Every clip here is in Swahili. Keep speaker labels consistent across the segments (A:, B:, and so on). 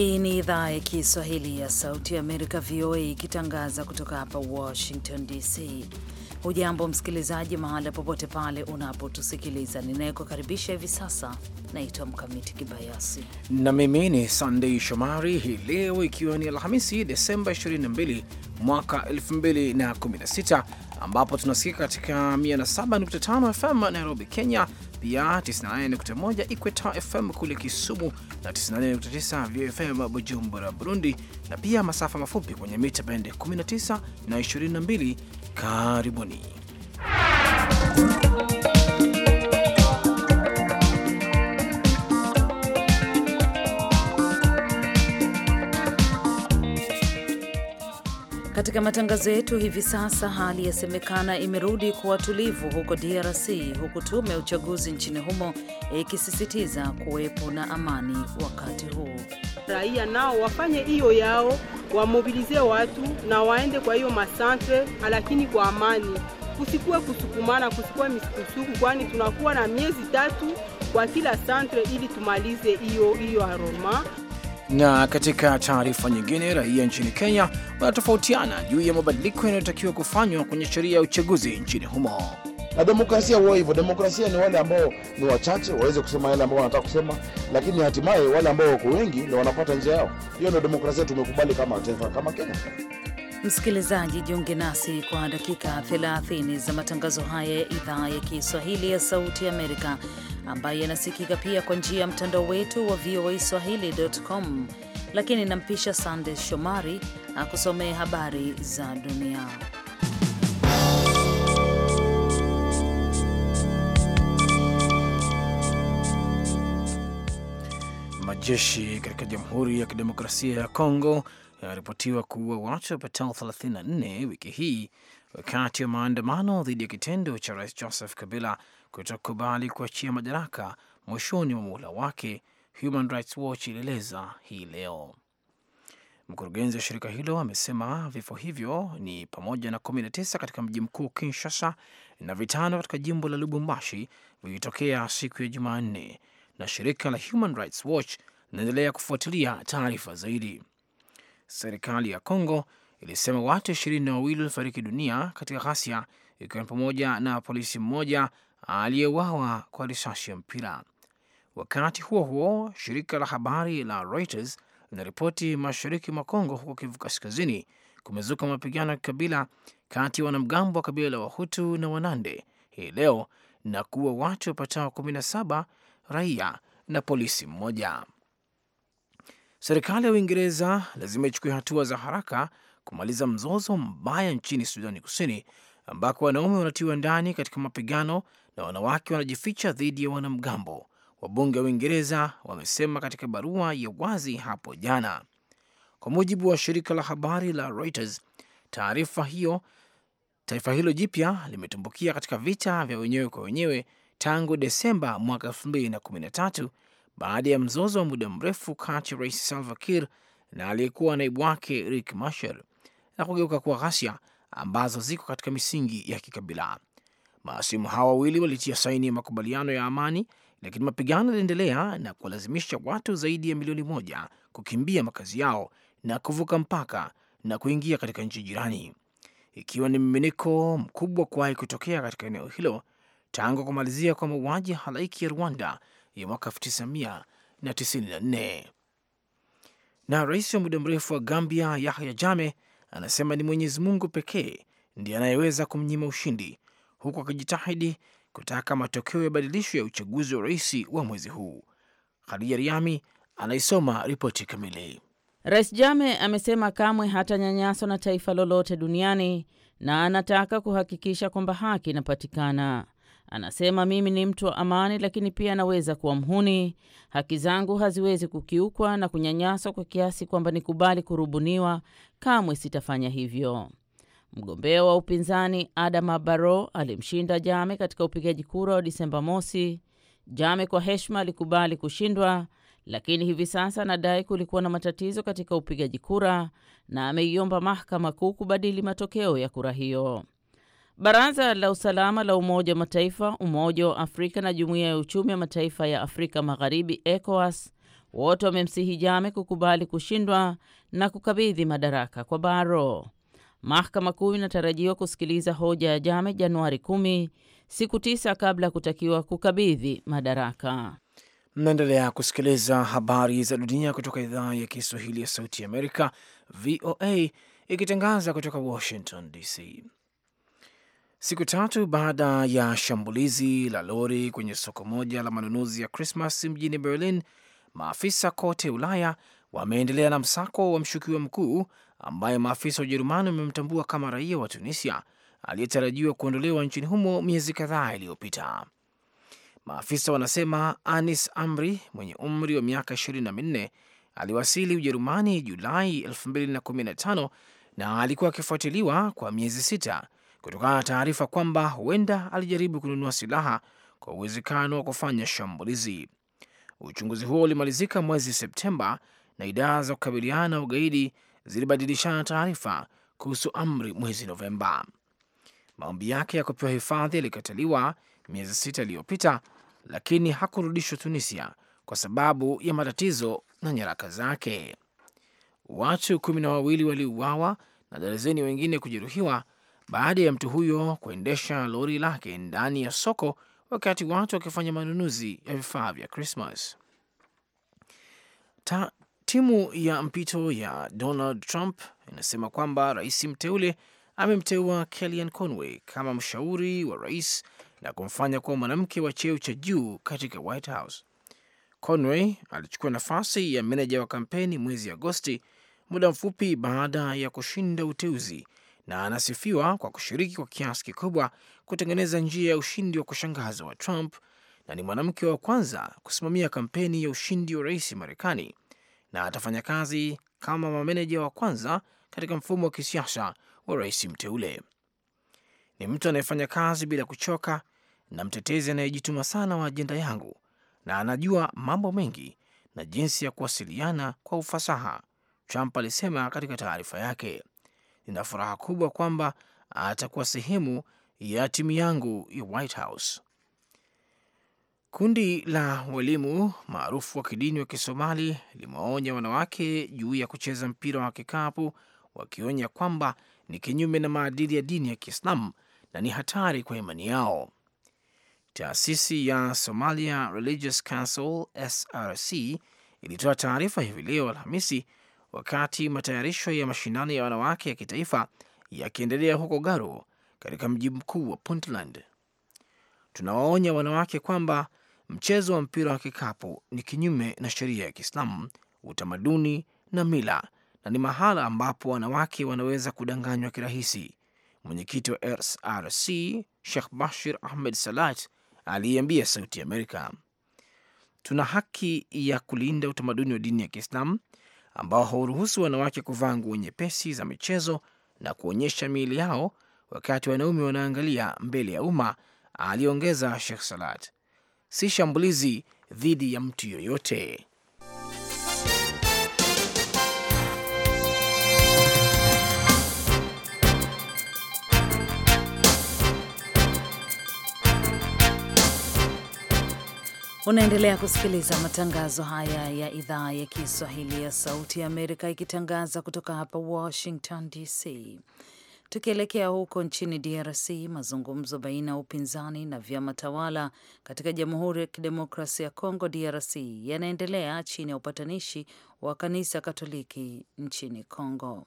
A: Hii ni idhaa ya Kiswahili ya Sauti ya Amerika, VOA, ikitangaza kutoka hapa Washington DC. Hujambo msikilizaji, mahala popote pale unapotusikiliza. Ninayekukaribisha hivi sasa naitwa Mkamiti Kibayasi
B: na mimi ni Sandei Shomari. Hii leo ikiwa ni Alhamisi, Desemba 22 mwaka 2016 ambapo tunasikika katika 107.5 FM Nairobi, Kenya, pia 98.1 Ikweta FM kule Kisumu na 94.9 VFM Bujumbura, Burundi, na pia masafa mafupi kwenye mita bende 19 na 22. Karibuni
A: Katika matangazo yetu hivi sasa, hali yasemekana imerudi kuwa tulivu huko DRC, huku tume ya uchaguzi nchini humo ikisisitiza kuwepo na amani wakati huu. Raia nao
C: wafanye hiyo yao, wamobilize watu na waende kwa hiyo masantre, lakini kwa amani, kusikuwe kusukumana, kusikuwe misukusuku, kwani tunakuwa na miezi tatu kwa kila santre ili tumalize hiyo hiyo aroma.
B: Na katika taarifa nyingine, raia nchini Kenya wanatofautiana juu ya mabadiliko yanayotakiwa kufanywa kwenye sheria ya uchaguzi nchini humo.
D: Na demokrasia huwa hivyo, demokrasia ni wale ambao ni wachache waweze kusema yale ambao wanataka kusema, lakini hatimaye wale ambao wako wengi ndio wanapata njia yao. Hiyo ndio demokrasia tumekubali kama taifa, kama Kenya.
A: Msikilizaji, jiunge nasi kwa dakika 30 za matangazo haya ya idhaa ya Kiswahili ya Sauti Amerika, ambayo yanasikika pia kwa njia ya mtandao wetu wa VOA swahili.com. Lakini nampisha Sande Shomari akusomee habari za dunia.
B: Majeshi katika Jamhuri ya Kidemokrasia ya Kongo yaripotiwa kuua watu wapatao 34 wiki hii wakati wa maandamano dhidi ya kitendo cha rais Joseph Kabila kutokubali kuachia madaraka mwishoni mwa muhula wake. Human Rights Watch ilieleza hii leo. Mkurugenzi wa shirika hilo amesema vifo hivyo ni pamoja na 19 katika mji mkuu Kinshasa na vitano katika jimbo la Lubumbashi vilitokea siku ya Jumanne, na shirika la Human Rights Watch linaendelea kufuatilia taarifa zaidi. Serikali ya congo ilisema watu ishirini na wawili walifariki dunia katika ghasia, ikiwa ni pamoja na polisi mmoja aliyewawa kwa risasi ya mpira. Wakati huo huo, shirika la habari la Reuters linaripoti mashariki mwa Kongo, huko Kivu Kaskazini, kumezuka mapigano ya kikabila kati ya wanamgambo wa kabila la Wahutu na Wanande hii leo na kuwa watu wapatao 17 raia na polisi mmoja. Serikali ya Uingereza lazima ichukue hatua za haraka kumaliza mzozo mbaya nchini Sudani Kusini, ambako wanaume wanatiwa ndani katika mapigano na wanawake wanajificha dhidi ya wanamgambo, wabunge wa Uingereza wamesema katika barua ya wazi hapo jana, kwa mujibu wa shirika la habari la Reuters. Taarifa hiyo taifa hilo jipya limetumbukia katika vita vya wenyewe kwa wenyewe tangu Desemba mwaka 2013 baada ya mzozo wa muda mrefu kati ya rais Salva Kiir na aliyekuwa naibu wake rik masher na kugeuka kuwa ghasia ambazo ziko katika misingi ya kikabila. Maasimu hawa wawili walitia saini ya makubaliano ya amani, lakini mapigano yaliendelea na kuwalazimisha watu zaidi ya milioni moja kukimbia makazi yao na kuvuka mpaka na kuingia katika nchi jirani, ikiwa ni mmiminiko mkubwa kuwahi kutokea katika eneo hilo tangu kumalizia kwa mauaji halaiki ya Rwanda ya mwaka 1994. Na rais wa muda mrefu wa Gambia Yahya Jammeh anasema ni Mwenyezi Mungu pekee ndiye anayeweza kumnyima ushindi, huku akijitahidi kutaka matokeo ya badilisho ya uchaguzi wa rais wa mwezi huu. Khadija Riami anaisoma ripoti kamili.
E: Rais Jame amesema kamwe hata nyanyaso na taifa lolote duniani na anataka kuhakikisha kwamba haki inapatikana. Anasema mimi ni mtu wa amani, lakini pia anaweza kuwa mhuni. Haki zangu haziwezi kukiukwa na kunyanyaswa kwa kiasi kwamba nikubali kurubuniwa. Kamwe sitafanya hivyo. Mgombea wa upinzani Adama baro alimshinda Jame katika upigaji kura wa Disemba mosi. Jame kwa heshima alikubali kushindwa, lakini hivi sasa anadai kulikuwa na matatizo katika upigaji kura na ameiomba mahakama kuu kubadili matokeo ya kura hiyo. Baraza la usalama la Umoja wa Mataifa, Umoja wa Afrika na Jumuiya ya Uchumi wa Mataifa ya Afrika Magharibi, ECOWAS, wote wamemsihi Jame kukubali kushindwa na kukabidhi madaraka kwa Baro. Mahakama Kuu inatarajiwa kusikiliza hoja ya Jame Januari kumi, siku tisa kabla ya kutakiwa kukabidhi madaraka.
B: Mnaendelea kusikiliza habari za dunia kutoka idhaa ya Kiswahili ya Sauti ya Amerika, VOA, ikitangaza kutoka Washington DC. Siku tatu baada ya shambulizi la lori kwenye soko moja la manunuzi ya Krismas mjini Berlin, maafisa kote Ulaya wameendelea na msako wa mshukiwa mkuu ambaye maafisa wa Ujerumani wamemtambua kama raia wa Tunisia aliyetarajiwa kuondolewa nchini humo miezi kadhaa iliyopita. Maafisa wanasema Anis Amri mwenye umri wa miaka 24 aliwasili Ujerumani Julai 2015 na alikuwa akifuatiliwa kwa miezi sita kutokana na taarifa kwamba huenda alijaribu kununua silaha kwa uwezekano wa kufanya shambulizi. Uchunguzi huo ulimalizika mwezi Septemba na idara za kukabiliana na ugaidi zilibadilishana taarifa kuhusu amri mwezi Novemba. Maombi yake ya kupewa hifadhi yalikataliwa miezi sita iliyopita, lakini hakurudishwa Tunisia kwa sababu ya matatizo na nyaraka zake. Watu kumi na wawili waliuawa na darazeni wengine kujeruhiwa baada ya mtu huyo kuendesha lori lake ndani ya soko wakati watu wakifanya manunuzi ya vifaa vya Krismas. Timu ya mpito ya Donald Trump inasema kwamba rais mteule amemteua Kellyanne Conway kama mshauri wa rais na kumfanya kuwa mwanamke wa cheo cha juu katika White House. Conway alichukua nafasi ya meneja wa kampeni mwezi Agosti, muda mfupi baada ya kushinda uteuzi na anasifiwa kwa kushiriki kwa kiasi kikubwa kutengeneza njia ya ushindi wa kushangaza wa Trump na ni mwanamke wa kwanza kusimamia kampeni ya ushindi wa rais Marekani na atafanya kazi kama mameneja wa kwanza katika mfumo wa kisiasa wa rais mteule. Ni mtu anayefanya kazi bila kuchoka na mtetezi anayejituma sana wa ajenda yangu, na anajua mambo mengi na jinsi ya kuwasiliana kwa ufasaha, Trump alisema katika taarifa yake nina furaha kubwa kwamba atakuwa sehemu ya timu yangu ya White House. Kundi la walimu maarufu wa kidini wa Kisomali limewaonya wanawake juu ya kucheza mpira wa kikapu, wakionya kwamba ni kinyume na maadili ya dini ya Kiislamu na ni hatari kwa imani yao. Taasisi ya Somalia Religious Council SRC ilitoa taarifa hivi leo Alhamisi wakati matayarisho ya mashindano ya wanawake ya kitaifa yakiendelea huko Garo katika mji mkuu wa Puntland. Tunawaonya wanawake kwamba mchezo wa mpira wa kikapu ni kinyume na sheria ya Kiislamu, utamaduni na mila, na ni mahala ambapo wanawake wanaweza kudanganywa kirahisi. Mwenyekiti wa SRC Sheikh Bashir Ahmed Salat aliiambia Sauti Amerika, tuna haki ya kulinda utamaduni wa dini ya Kiislamu ambao hauruhusu wanawake kuvaa nguo nyepesi za michezo na kuonyesha miili yao wakati wanaume wanaangalia mbele ya umma, aliongeza Sheikh Salat. Si shambulizi dhidi ya mtu yoyote.
A: Unaendelea kusikiliza matangazo haya ya idhaa ya Kiswahili ya Sauti ya Amerika ikitangaza kutoka hapa Washington DC. Tukielekea huko nchini DRC, mazungumzo baina ya upinzani na vyama tawala katika Jamhuri ya Kidemokrasia ya Kongo DRC yanaendelea chini ya upatanishi wa kanisa Katoliki nchini Kongo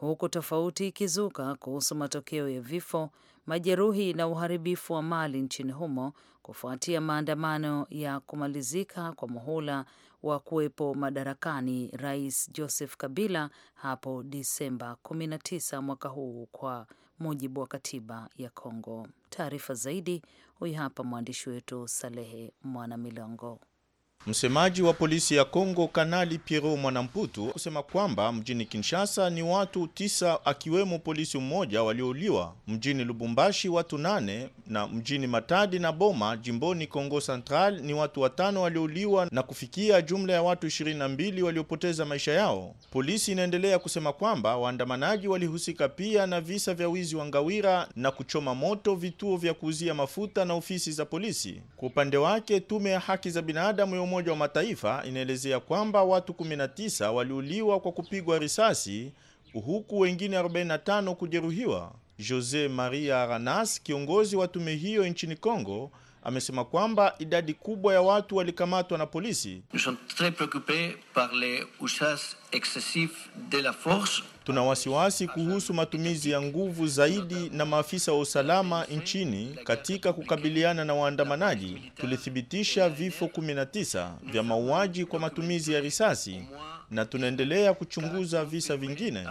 A: huku tofauti ikizuka kuhusu matokeo ya vifo, majeruhi na uharibifu wa mali nchini humo kufuatia maandamano ya kumalizika kwa muhula wa kuwepo madarakani Rais Joseph Kabila hapo Disemba 19 mwaka huu kwa mujibu wa katiba ya Kongo. Taarifa zaidi huyu hapa mwandishi wetu Salehe Mwanamilongo.
D: Msemaji wa polisi ya Kongo Kanali Piero Mwanamputu kusema kwamba mjini Kinshasa ni watu tisa akiwemo polisi mmoja waliouliwa, mjini Lubumbashi watu nane na mjini Matadi na Boma jimboni Kongo Central ni watu watano waliouliwa na kufikia jumla ya watu 22 waliopoteza maisha yao. Polisi inaendelea kusema kwamba waandamanaji walihusika pia na visa vya wizi wa ngawira na kuchoma moto vituo vya kuuzia mafuta na ofisi za polisi. Kwa upande wake tume ya haki za binadamu Umoja wa Mataifa inaelezea kwamba watu 19 waliuliwa kwa kupigwa risasi huku wengine 45 kujeruhiwa. Jose Maria Aranas, kiongozi wa tume hiyo nchini Kongo, amesema kwamba idadi kubwa ya watu walikamatwa na polisi. Tuna wasiwasi kuhusu matumizi ya nguvu zaidi na maafisa wa usalama nchini katika kukabiliana na waandamanaji. Tulithibitisha vifo 19 vya mauaji kwa matumizi ya risasi na tunaendelea kuchunguza visa vingine.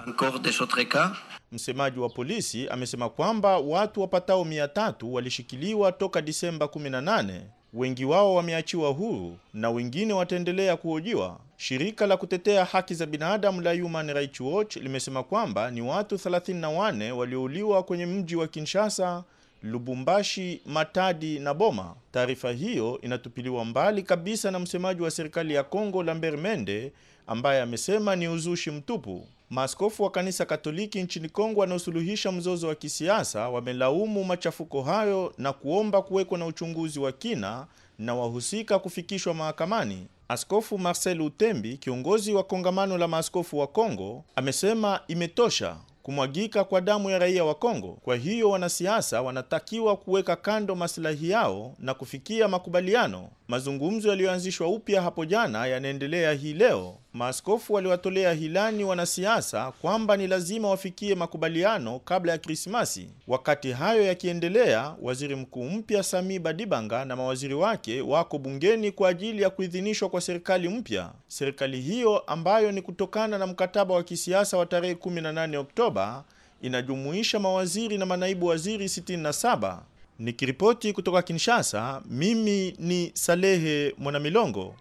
D: Msemaji wa polisi amesema kwamba watu wapatao mia tatu walishikiliwa toka Disemba 18. Wengi wao wameachiwa huru na wengine wataendelea kuhojiwa. Shirika la kutetea haki za binadamu la Human Rights Watch limesema kwamba ni watu 34 waliouliwa kwenye mji wa Kinshasa, Lubumbashi, Matadi na Boma. Taarifa hiyo inatupiliwa mbali kabisa na msemaji wa serikali ya Kongo Lambert Mende ambaye amesema ni uzushi mtupu. Maaskofu wa kanisa Katoliki nchini Kongo wanaosuluhisha mzozo wa kisiasa wamelaumu machafuko hayo na kuomba kuwekwa na uchunguzi wa kina na wahusika kufikishwa mahakamani. Askofu Marcel Utembi, kiongozi wa kongamano la maaskofu wa Kongo, amesema imetosha kumwagika kwa damu ya raia wa Kongo. Kwa hiyo wanasiasa wanatakiwa kuweka kando masilahi yao na kufikia makubaliano. Mazungumzo yaliyoanzishwa upya hapo jana yanaendelea hii leo maaskofu waliwatolea hilani wanasiasa kwamba ni lazima wafikie makubaliano kabla ya Krismasi. Wakati hayo yakiendelea, waziri mkuu mpya Sami Badibanga na mawaziri wake wako bungeni kwa ajili ya kuidhinishwa kwa serikali mpya. Serikali hiyo ambayo ni kutokana na mkataba wa kisiasa wa tarehe 18 Oktoba inajumuisha mawaziri na manaibu waziri 67. Nikiripoti kutoka Kinshasa, mimi ni Salehe Mwanamilongo.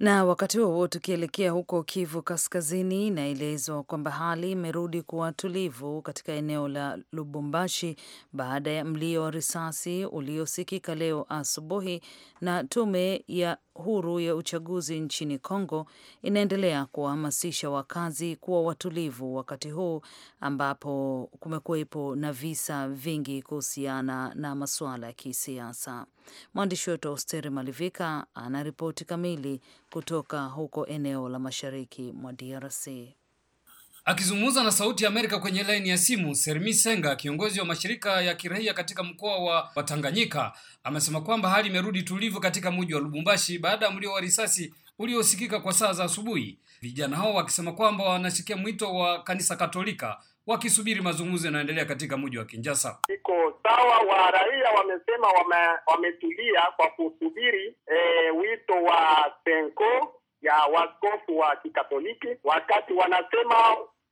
A: Na wakati huo huo tukielekea huko Kivu Kaskazini, inaelezwa kwamba hali imerudi kuwa tulivu katika eneo la Lubumbashi baada ya mlio wa risasi uliosikika leo asubuhi, na tume ya huru ya uchaguzi nchini Kongo inaendelea kuwahamasisha wakazi kuwa watulivu wakati huu ambapo kumekuwepo na visa vingi kuhusiana na masuala ya kisiasa. Mwandishi wetu Austeri Malivika ana ripoti kamili kutoka huko eneo la mashariki mwa DRC.
F: Akizungumza na Sauti ya Amerika kwenye laini ya simu, Sermi Senga, kiongozi wa mashirika ya kiraia katika mkoa wa watanganyika amesema kwamba hali imerudi tulivu katika mji wa Lubumbashi baada ya mlio wa risasi uliosikika kwa saa za asubuhi, vijana hao wakisema kwamba wanashikia mwito wa kanisa Katolika wakisubiri mazungumzo yanayoendelea katika mji wa Kinjasa. Iko
D: sawa, wa raia wamesema wametulia kwa kusubiri e, wito wa Senko ya waskofu wa Kikatoliki wakati wanasema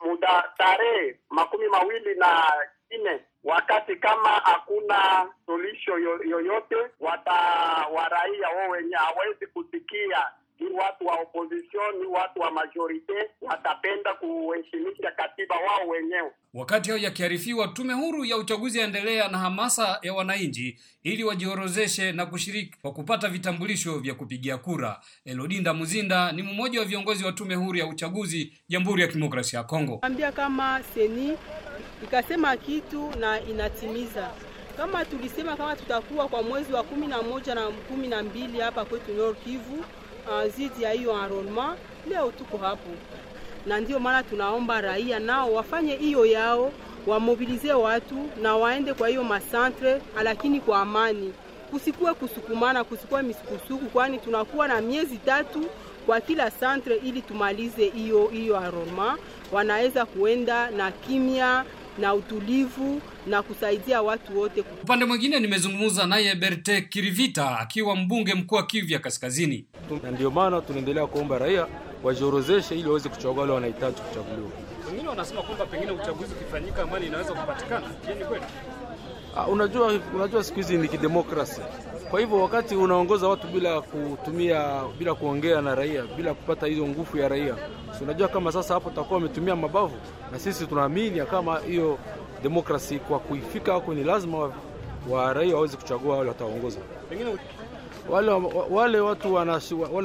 D: muda tarehe makumi mawili na nne wakati kama hakuna solisho yoyote, watawaraia wao wenye hawezi kusikia ni watu wa opposition, ni watu wa majorite, watapenda
F: kuheshimisha katiba wao wenyewe. Wakati hayo yakiarifiwa, tume huru ya uchaguzi yaendelea na hamasa ya wananchi ili wajiorozeshe na kushiriki kwa kupata vitambulisho vya kupigia kura. Elodinda Muzinda ni mmoja wa viongozi wa tume huru ya uchaguzi Jamhuri ya Kidemokrasia ya Kongo.
C: Ambia kama seni ikasema kitu na inatimiza kama tulisema kama tutakuwa kwa mwezi wa kumi na moja na kumi na mbili hapa kwetu Nord Kivu dhidi uh, ya hiyo enrollment. Leo tuko hapo, na ndio maana tunaomba raia nao wafanye hiyo yao, wamobilize watu na waende kwa hiyo masantre, lakini kwa amani, kusikuwe kusukumana, kusikuwe misukusuku, kwani tunakuwa na miezi tatu kwa kila santre ili tumalize hiyo hiyo aroma Wanaweza kuenda na kimya na utulivu na kusaidia watu wote.
F: Upande mwingine, nimezungumza naye Berte Kirivita akiwa mbunge mkuu wa Kivu ya Kaskazini na ndio maana tunaendelea kuomba raia wajiorozeshe ili waweze kuchagua wale wanahitaji kuchaguliwa. Wengine wanasema kwamba pengine uchaguzi ukifanyika amani inaweza kupatikana. Je, ni kweli? Ah,
B: unajua, unajua siku hizi
F: ni kidemokrasi
B: Kwa hivyo wakati unaongoza watu bila kutumia
F: bila kuongea na raia bila kupata hizo nguvu ya raia, si unajua kama sasa hapo tutakuwa wametumia mabavu, na sisi tunaamini kama hiyo demokrasi kwa kuifika huko ni lazima wa, wa raia waweze kuchagua wale wataongoza
B: pengine wale, wale watu wale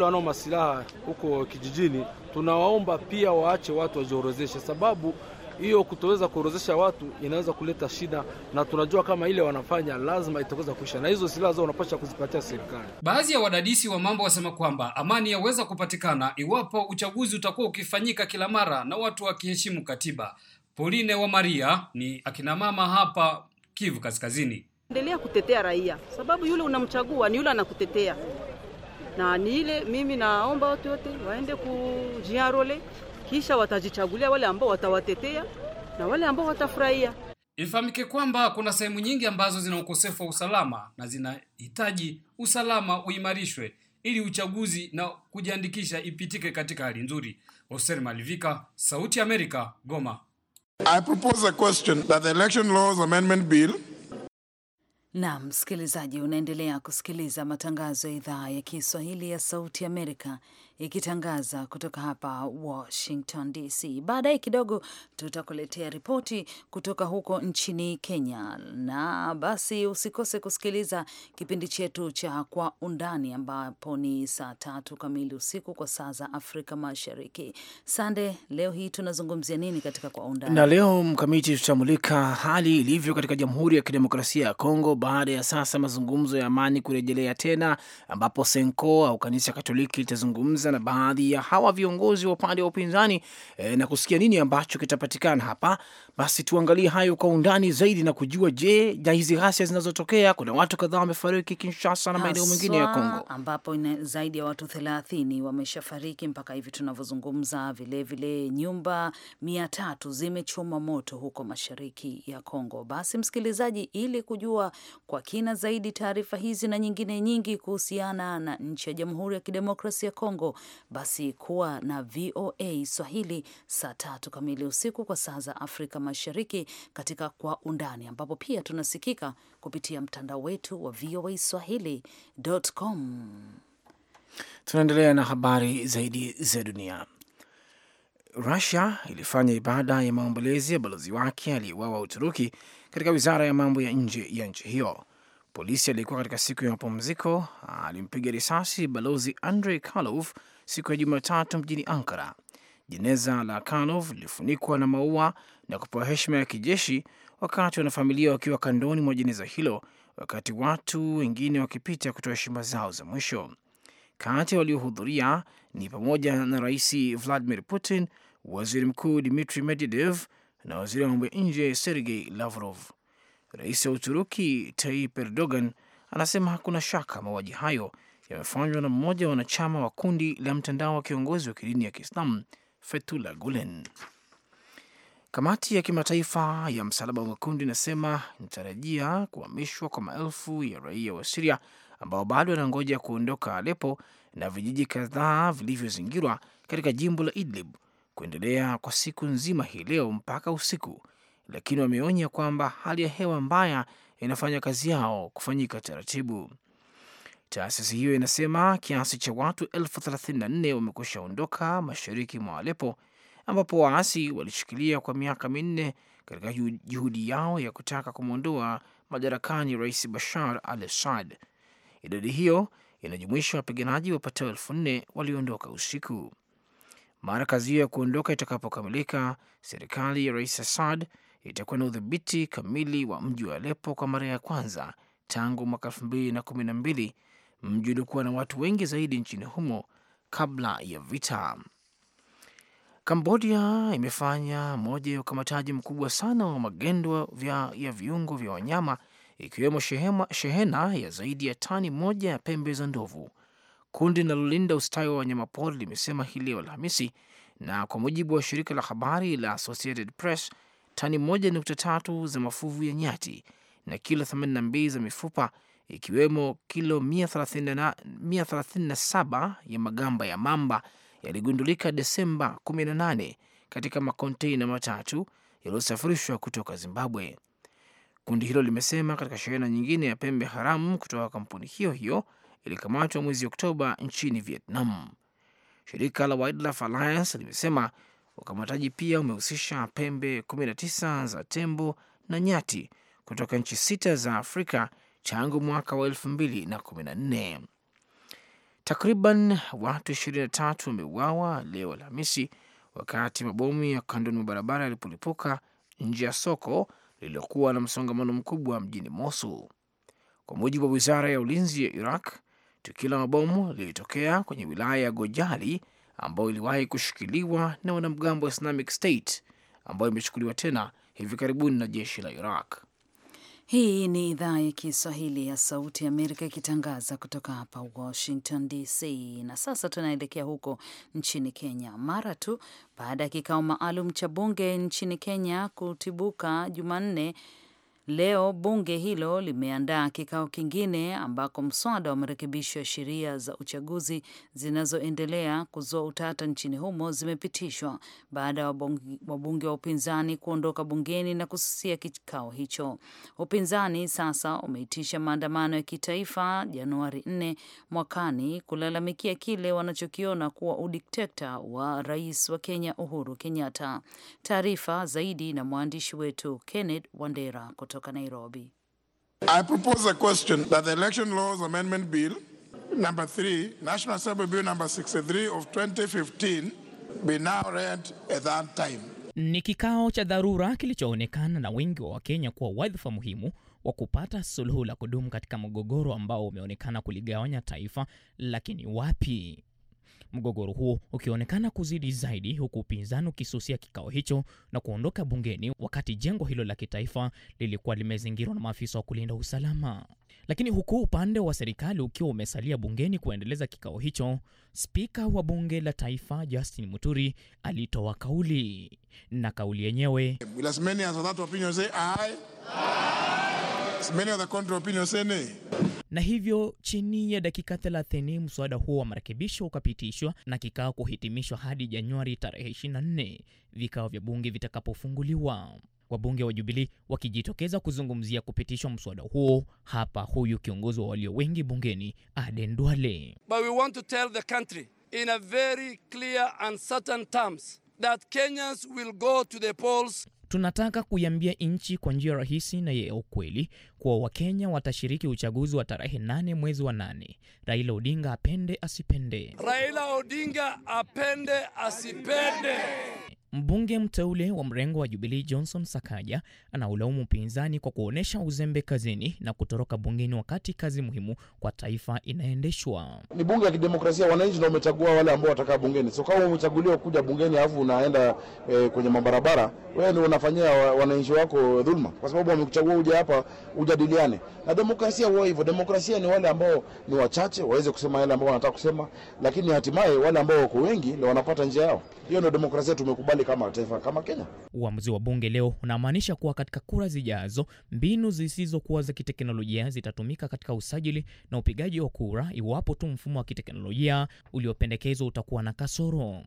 B: wanao masilaha huko kijijini, tunawaomba pia waache watu wajiorozeshe, sababu hiyo kutoweza kuorozesha watu inaweza kuleta shida, na tunajua kama ile wanafanya lazima itaweza kuisha, na hizo silaha zao wanapasha kuzipatia serikali.
F: Baadhi ya wadadisi wa mambo wasema kwamba amani yaweza kupatikana iwapo uchaguzi utakuwa ukifanyika kila mara na watu wakiheshimu katiba. Pauline wa Maria ni akinamama hapa Kivu Kaskazini
C: endelea kutetea raia, sababu yule unamchagua ni yule anakutetea, na ni ile mimi naomba watu wote waende kujiarole, kisha watajichagulia wale ambao watawatetea na wale ambao watafurahia.
F: Ifahamike kwamba kuna sehemu nyingi ambazo zina ukosefu wa usalama na zinahitaji usalama uimarishwe ili uchaguzi na kujiandikisha ipitike katika hali nzuri. Hoser Malivika, Sauti ya Amerika, Goma.
D: I propose a question that the Election Laws Amendment Bill
A: na msikilizaji, unaendelea kusikiliza matangazo ya idhaa ya Kiswahili ya Sauti Amerika ikitangaza kutoka hapa Washington DC. Baadaye kidogo tutakuletea ripoti kutoka huko nchini Kenya, na basi usikose kusikiliza kipindi chetu cha Kwa Undani, ambapo ni saa tatu kamili usiku kwa saa za Afrika Mashariki. Sande, leo hii tunazungumzia nini katika Kwa Undani? Na
B: leo Mkamiti, tutamulika hali ilivyo katika Jamhuri ya Kidemokrasia ya Kongo baada ya sasa mazungumzo ya amani kurejelea tena, ambapo Senko au kanisa Katoliki litazungumza na baadhi ya hawa viongozi wa upande wa upinzani e, na kusikia nini ambacho kitapatikana hapa, basi tuangalie hayo kwa undani zaidi na kujua, je, na hizi ghasia zinazotokea, kuna watu kadhaa wamefariki Kinshasa na maeneo mengine ya Kongo
A: ambapo zaidi ya watu thelathini wameshafariki mpaka hivi tunavyozungumza. Vilevile nyumba mia tatu zimechoma moto huko mashariki ya Kongo. Basi msikilizaji, ili kujua kwa kina zaidi taarifa hizi na nyingine nyingi kuhusiana na nchi ya Jamhuri ya Kidemokrasia ya Kongo, basi kuwa na VOA Swahili saa tatu kamili usiku kwa saa za Afrika Mashariki katika Kwa Undani, ambapo pia tunasikika kupitia mtandao wetu wa VOA Swahili.com. Tunaendelea na habari zaidi za dunia.
B: Rusia ilifanya ibada ya maombolezi ya balozi wake aliyeuawa Uturuki katika wizara ya mambo ya nje ya nchi hiyo. Polisi aliyekuwa katika siku ya mapumziko alimpiga risasi balozi Andrei Karlov siku ya Jumatatu mjini Ankara. Jeneza la kanov lilifunikwa na maua na kupewa heshima ya kijeshi, wakati wanafamilia wakiwa kandoni mwa jeneza hilo, wakati watu wengine wakipita kutoa heshima zao za mwisho. Kati waliohudhuria ni pamoja na Rais Vladimir Putin, Waziri Mkuu Dmitri Medvedev na waziri wa mambo ya nje Sergei Lavrov. Rais wa Uturuki Tayyip Erdogan anasema hakuna shaka mauaji hayo yamefanywa na mmoja wa wanachama wa kundi la mtandao wa kiongozi wa kidini ya Kiislamu fetula Gulen. Kamati ya kimataifa ya Msalaba Mwekundu inasema inatarajia kuhamishwa kwa maelfu ya raia wa Siria ambao bado wanangoja kuondoka Alepo na vijiji kadhaa vilivyozingirwa katika jimbo la Idlib kuendelea kwa siku nzima hii leo mpaka usiku, lakini wameonya kwamba hali ya hewa mbaya inafanya kazi yao kufanyika taratibu. Taasisi hiyo inasema kiasi cha watu elfu 34 wamekwisha ondoka mashariki mwa Alepo, ambapo waasi walishikilia kwa miaka minne katika juhudi yao ya kutaka kumwondoa madarakani Rais Bashar al Assad. Idadi hiyo inajumuisha wapiganaji wapatao elfu nne walioondoka usiku. Mara kazi hiyo ya kuondoka itakapokamilika, serikali ya Rais Assad itakuwa na udhibiti kamili wa mji wa Alepo kwa mara ya kwanza tangu mwaka elfu mbili na kumi na mbili mji uliokuwa na watu wengi zaidi nchini humo kabla ya vita. Kambodia imefanya moja ya ukamataji mkubwa sana wa magendo vya, ya viungo vya wanyama ikiwemo shehema, shehena ya zaidi ya tani moja ya pembe za ndovu. Kundi linalolinda ustawi wa wanyamapori limesema hii leo Alhamisi, na kwa mujibu wa shirika la habari la Associated Press, tani moja nukta tatu za mafuvu ya nyati na kilo 82 za mifupa ikiwemo kilo 137 ya magamba ya mamba yaligundulika Desemba 18 katika makonteina matatu yaliyosafirishwa kutoka Zimbabwe. Kundi hilo limesema katika shehena nyingine ya pembe haramu kutoka kampuni hiyo hiyo ilikamatwa mwezi Oktoba nchini Vietnam. Shirika la Wildlife Alliance limesema ukamataji pia umehusisha pembe 19 za tembo na nyati kutoka nchi sita za Afrika tangu mwaka wa elfu mbili na kumi na nne. Takriban watu 23 wameuawa leo Alhamisi wakati mabomu ya kandoni mwa barabara yalipolipuka nje ya soko lililokuwa na msongamano mkubwa mjini Mosul, kwa mujibu wa wizara ya ulinzi ya Iraq. Tukio la mabomu lilitokea kwenye wilaya ya Gojali ambayo iliwahi kushikiliwa na wanamgambo wa Islamic State ambayo imechukuliwa tena hivi karibuni na jeshi la Iraq.
A: Hii ni idhaa ya Kiswahili ya Sauti ya Amerika ikitangaza kutoka hapa Washington DC. Na sasa tunaelekea huko nchini Kenya mara tu baada ya kikao maalum cha bunge nchini Kenya kutibuka Jumanne Leo bunge hilo limeandaa kikao kingine ambako mswada wa marekebisho ya sheria za uchaguzi zinazoendelea kuzua utata nchini humo zimepitishwa baada ya wabunge wa upinzani kuondoka bungeni na kususia kikao hicho. Upinzani sasa umeitisha maandamano ya kitaifa Januari 4 mwakani kulalamikia kile wanachokiona kuwa udiktekta wa rais wa Kenya Uhuru Kenyatta. Taarifa zaidi na mwandishi wetu Kenneth Wandera kutoka Nairobi.
D: I propose a question that the Election Laws Amendment Bill number 3, National Assembly Bill number 63 of 2015 be now read at that time.
G: Ni kikao cha dharura kilichoonekana na wengi wa Wakenya kuwa wadhifa muhimu wa kupata suluhu la kudumu katika mgogoro ambao umeonekana kuligawanya taifa, lakini wapi? mgogoro huo ukionekana kuzidi zaidi, huku upinzani ukisusia kikao hicho na kuondoka bungeni, wakati jengo hilo la kitaifa lilikuwa limezingirwa na maafisa wa kulinda usalama. Lakini huku upande wa serikali ukiwa umesalia bungeni kuendeleza kikao hicho, spika wa bunge la taifa Justin Muturi alitoa kauli, na kauli yenyewe na hivyo chini ya dakika 30 mswada huo wa marekebisho ukapitishwa na kikao kuhitimishwa hadi Januari tarehe 24 vikao vya bunge vitakapofunguliwa. Wabunge wa Jubilee wakijitokeza kuzungumzia kupitishwa mswada huo. Hapa huyu kiongozi wa walio wengi bungeni Aden Duale.
F: But we want to tell the country in a very clear and certain terms that Kenyans will go to the polls
G: Tunataka kuiambia nchi kwa njia rahisi na ya ukweli kuwa Wakenya watashiriki uchaguzi wa tarehe nane mwezi wa nane. Raila Odinga apende asipende,
F: Raila Odinga apende asipende.
G: Mbunge mteule wa mrengo wa Jubilee Johnson Sakaja anaulaumu upinzani kwa kuonesha uzembe kazini na kutoroka bungeni wakati kazi muhimu kwa taifa inaendeshwa.
D: Ni bunge la kidemokrasia, wananchi ndio umechagua wale ambao watakaa bungeni. So kama umechaguliwa kuja bungeni alafu unaenda e, kwenye mabarabara, wewe ndio unafanyia wananchi wako dhulma, kwa sababu wamekuchagua uje hapa ujadiliane na demokrasia. Huwa hivyo, demokrasia ni wale ambao ni wachache waweze kusema yale ambao wanataka kusema, lakini hatimaye wale ambao wako wengi ndio wanapata njia yao. Hiyo ndio demokrasia tumekubali kweli kama taifa kama Kenya.
G: Uamuzi wa bunge leo unamaanisha kuwa katika kura zijazo, mbinu zisizokuwa za kiteknolojia zitatumika katika usajili na upigaji wa kura, iwapo tu mfumo wa kiteknolojia uliopendekezwa utakuwa na kasoro.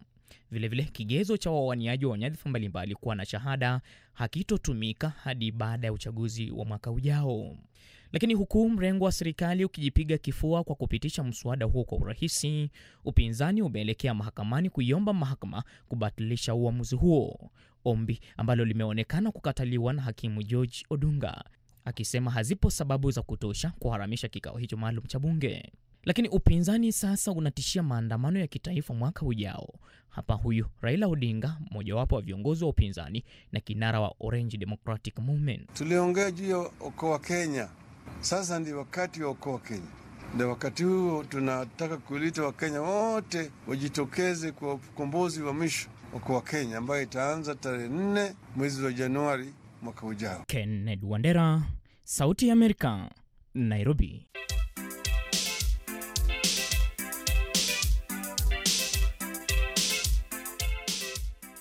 G: Vilevile vile, kigezo cha wawaniaji wa nyadhifa mbalimbali kuwa na shahada hakitotumika hadi baada ya uchaguzi wa mwaka ujao. Lakini huku mrengo wa serikali ukijipiga kifua kwa kupitisha mswada huo kwa urahisi, upinzani umeelekea mahakamani kuiomba mahakama kubatilisha uamuzi huo, ombi ambalo limeonekana kukataliwa na hakimu George Odunga akisema hazipo sababu za kutosha kuharamisha kikao hicho maalum cha bunge. Lakini upinzani sasa unatishia maandamano ya kitaifa mwaka ujao. Hapa huyu Raila Odinga, mmojawapo wa viongozi wa upinzani na kinara wa Orange Democratic Movement.
D: Tuliongea juu ya uko wa Kenya sasa ndi wakati wa kuokoa Kenya, na wakati huo tunataka kuilita Wakenya wote wajitokeze kwa ukombozi wa mwisho wa kwa Kenya ambayo itaanza tarehe
G: nne mwezi wa Januari mwaka ujao. Kenneth Wandera, Sauti ya Amerika, Nairobi.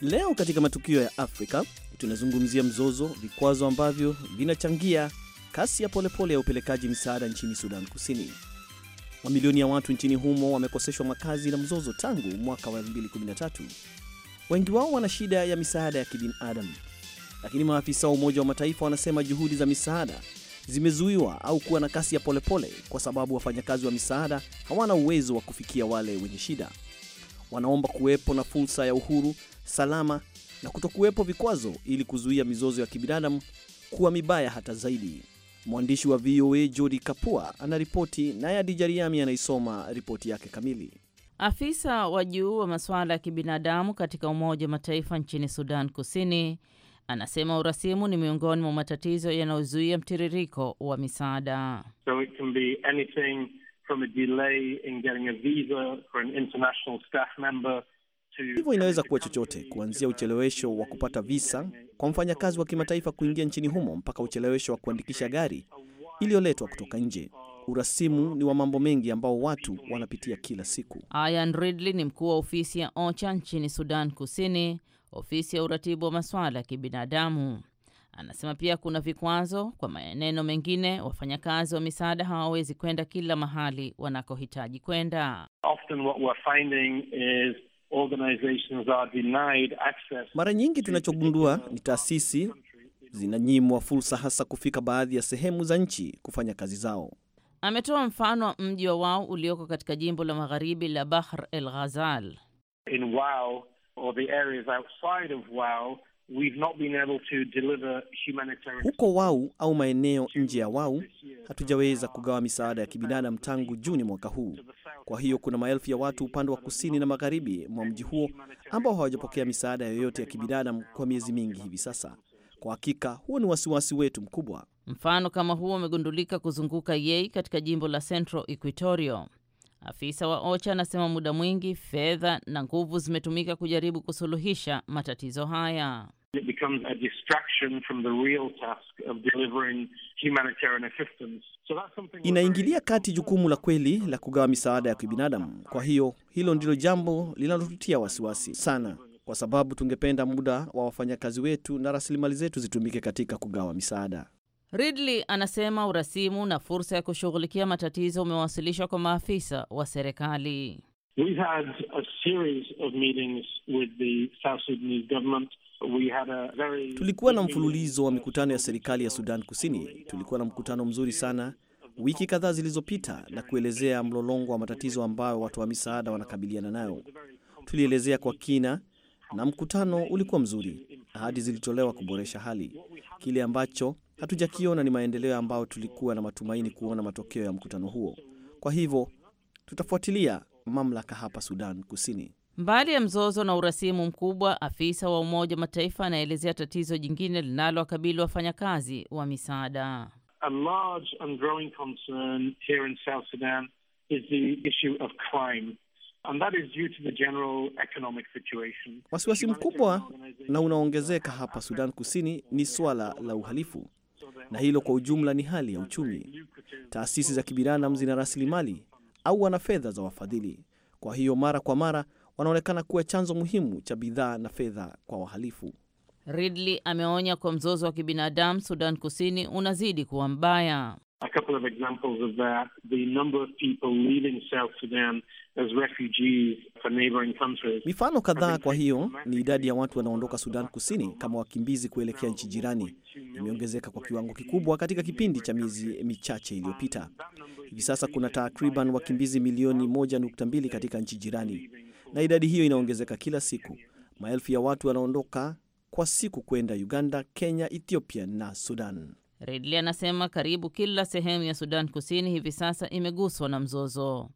H: Leo katika matukio ya Afrika tunazungumzia mzozo, vikwazo ambavyo vinachangia kasi ya polepole ya upelekaji misaada nchini Sudan Kusini. Mamilioni ya watu nchini humo wamekoseshwa makazi na mzozo tangu mwaka wa 2013. Wengi wao wana shida ya misaada ya kibinadamu, lakini maafisa wa Umoja wa Mataifa wanasema juhudi za misaada zimezuiwa au kuwa na kasi ya polepole pole, kwa sababu wafanyakazi wa misaada hawana uwezo wa kufikia wale wenye shida. Wanaomba kuwepo na fursa ya uhuru, salama na kutokuwepo vikwazo ili kuzuia mizozo ya kibinadamu kuwa mibaya hata zaidi. Mwandishi wa VOA Jodi Kapua anaripoti, naye Adija Riami anaisoma ripoti yake kamili.
E: Afisa wa juu wa masuala ya kibinadamu katika Umoja wa Mataifa nchini Sudan Kusini anasema urasimu ni miongoni mwa matatizo yanayozuia mtiririko wa misaada.
I: So it can be anything from a delay in getting a visa for an international staff member
H: Hivyo inaweza kuwa chochote kuanzia uchelewesho wa kupata visa kwa mfanyakazi wa kimataifa kuingia nchini humo mpaka uchelewesho wa kuandikisha gari iliyoletwa kutoka nje. Urasimu ni wa mambo mengi ambao watu wanapitia kila siku.
E: Ian Ridley ni mkuu wa ofisi ya OCHA nchini Sudan Kusini, ofisi ya uratibu wa masuala ya kibinadamu. Anasema pia kuna vikwazo. Kwa maneno mengine, wafanyakazi wa misaada hawawezi kwenda kila mahali wanakohitaji kwenda.
I: Often what we're finding is organizations are denied access.
E: Mara nyingi tunachogundua
H: ni taasisi zinanyimwa fursa, hasa kufika baadhi ya sehemu za nchi kufanya
I: kazi zao.
E: Ametoa mfano wa mji wa Wau ulioko katika jimbo la magharibi la Bahr el Ghazal.
I: In Wau or the areas outside of Wau We've not been able to deliver humanitarian...
H: huko Wau au maeneo nje ya Wau hatujaweza kugawa misaada ya kibinadamu tangu Juni mwaka huu. Kwa hiyo kuna maelfu ya watu upande wa kusini na magharibi mwa mji huo ambao hawajapokea misaada yoyote ya kibinadamu kwa miezi mingi hivi sasa. Kwa hakika huo ni wasiwasi wetu mkubwa.
E: Mfano kama huo umegundulika kuzunguka Yei katika jimbo la Central Equatoria. Afisa wa OCHA anasema muda mwingi, fedha na nguvu zimetumika kujaribu kusuluhisha matatizo haya.
I: It becomes a distraction from the real task of delivering humanitarian assistance. So that's
H: something inaingilia kati jukumu la kweli la kugawa misaada ya kibinadamu. Kwa hiyo hilo ndilo jambo linalotutia wasiwasi sana, kwa sababu tungependa muda wa wafanyakazi wetu na rasilimali zetu zitumike katika kugawa misaada.
E: Ridley anasema urasimu na fursa ya kushughulikia matatizo umewasilishwa kwa maafisa wa serikali.
I: We had a series of meetings with the South Sudanese government. tulikuwa na mfululizo
H: wa mikutano ya serikali ya Sudan Kusini. Tulikuwa na mkutano mzuri sana wiki kadhaa zilizopita na kuelezea mlolongo wa matatizo ambayo watu wa misaada wanakabiliana nayo. Tulielezea kwa kina na mkutano ulikuwa mzuri. Ahadi zilitolewa kuboresha hali. Kile ambacho hatujakiona ni maendeleo ambayo tulikuwa na matumaini kuona matokeo ya mkutano huo. Kwa hivyo tutafuatilia mamlaka hapa Sudan Kusini.
E: Mbali ya mzozo na urasimu mkubwa, afisa wa Umoja wa Mataifa anaelezea tatizo jingine linalowakabili wafanyakazi wa misaada.
I: A large and growing concern here in South Sudan is the issue of crime.
H: Wasiwasi mkubwa na unaongezeka hapa Sudan Kusini ni swala la uhalifu na hilo kwa ujumla ni hali ya uchumi. Taasisi za kibinadamu zina rasilimali au wana fedha za wafadhili, kwa hiyo mara kwa mara wanaonekana kuwa chanzo muhimu cha bidhaa na fedha kwa wahalifu.
E: Ridley ameonya kwa mzozo wa kibinadamu Sudan Kusini unazidi kuwa mbaya
I: a couple of examples of that. The number of people leaving South Sudan as refugees for neighboring countries.
H: Mifano kadhaa kwa hiyo ni idadi ya watu wanaondoka Sudan Kusini kama wakimbizi kuelekea nchi jirani imeongezeka kwa kiwango kikubwa katika kipindi cha miezi michache iliyopita. Hivi sasa kuna takriban wakimbizi milioni 1.2 katika nchi jirani, na idadi hiyo inaongezeka kila siku. Maelfu ya watu wanaondoka kwa siku kwenda Uganda, Kenya, Ethiopia na Sudan.
E: Ridley anasema karibu kila sehemu ya Sudan Kusini hivi sasa imeguswa na mzozo.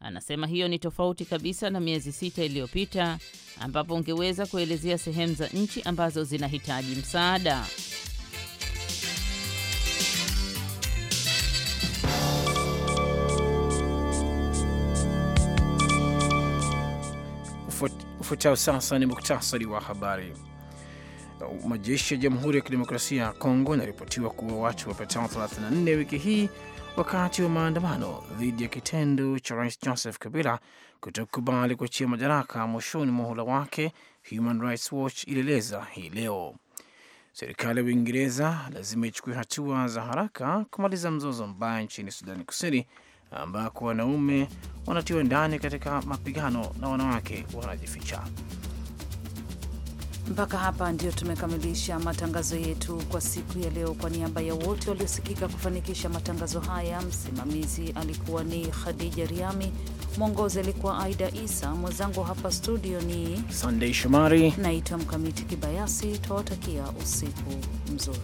E: Anasema hiyo ni tofauti kabisa na miezi sita iliyopita ambapo ungeweza kuelezea sehemu za nchi ambazo zinahitaji msaada.
B: Ufuatao sasa ni muktasari wa habari. Majeshi ya Jamhuri ya Kidemokrasia ya Kongo yanaripotiwa kuwa watu wapatao 34 wiki hii wakati wa maandamano dhidi ya kitendo cha Rais Joseph Kabila kutokubali kuachia madaraka mwishoni mwa muhula wake, Human Rights Watch ilieleza hii leo. Serikali ya Uingereza lazima ichukue hatua za haraka kumaliza mzozo mbaya nchini Sudani Kusini, ambako wanaume wanatiwa ndani katika mapigano na wanawake wanajificha.
A: Mpaka hapa ndio tumekamilisha matangazo yetu kwa siku ya leo. Kwa niaba ya wote waliosikika kufanikisha matangazo haya, msimamizi alikuwa ni Khadija Riami, mwongozi alikuwa Aida Isa, mwenzangu hapa studio ni Sandei Shomari, naitwa Mkamiti Kibayasi. tawatakia usiku mzuri.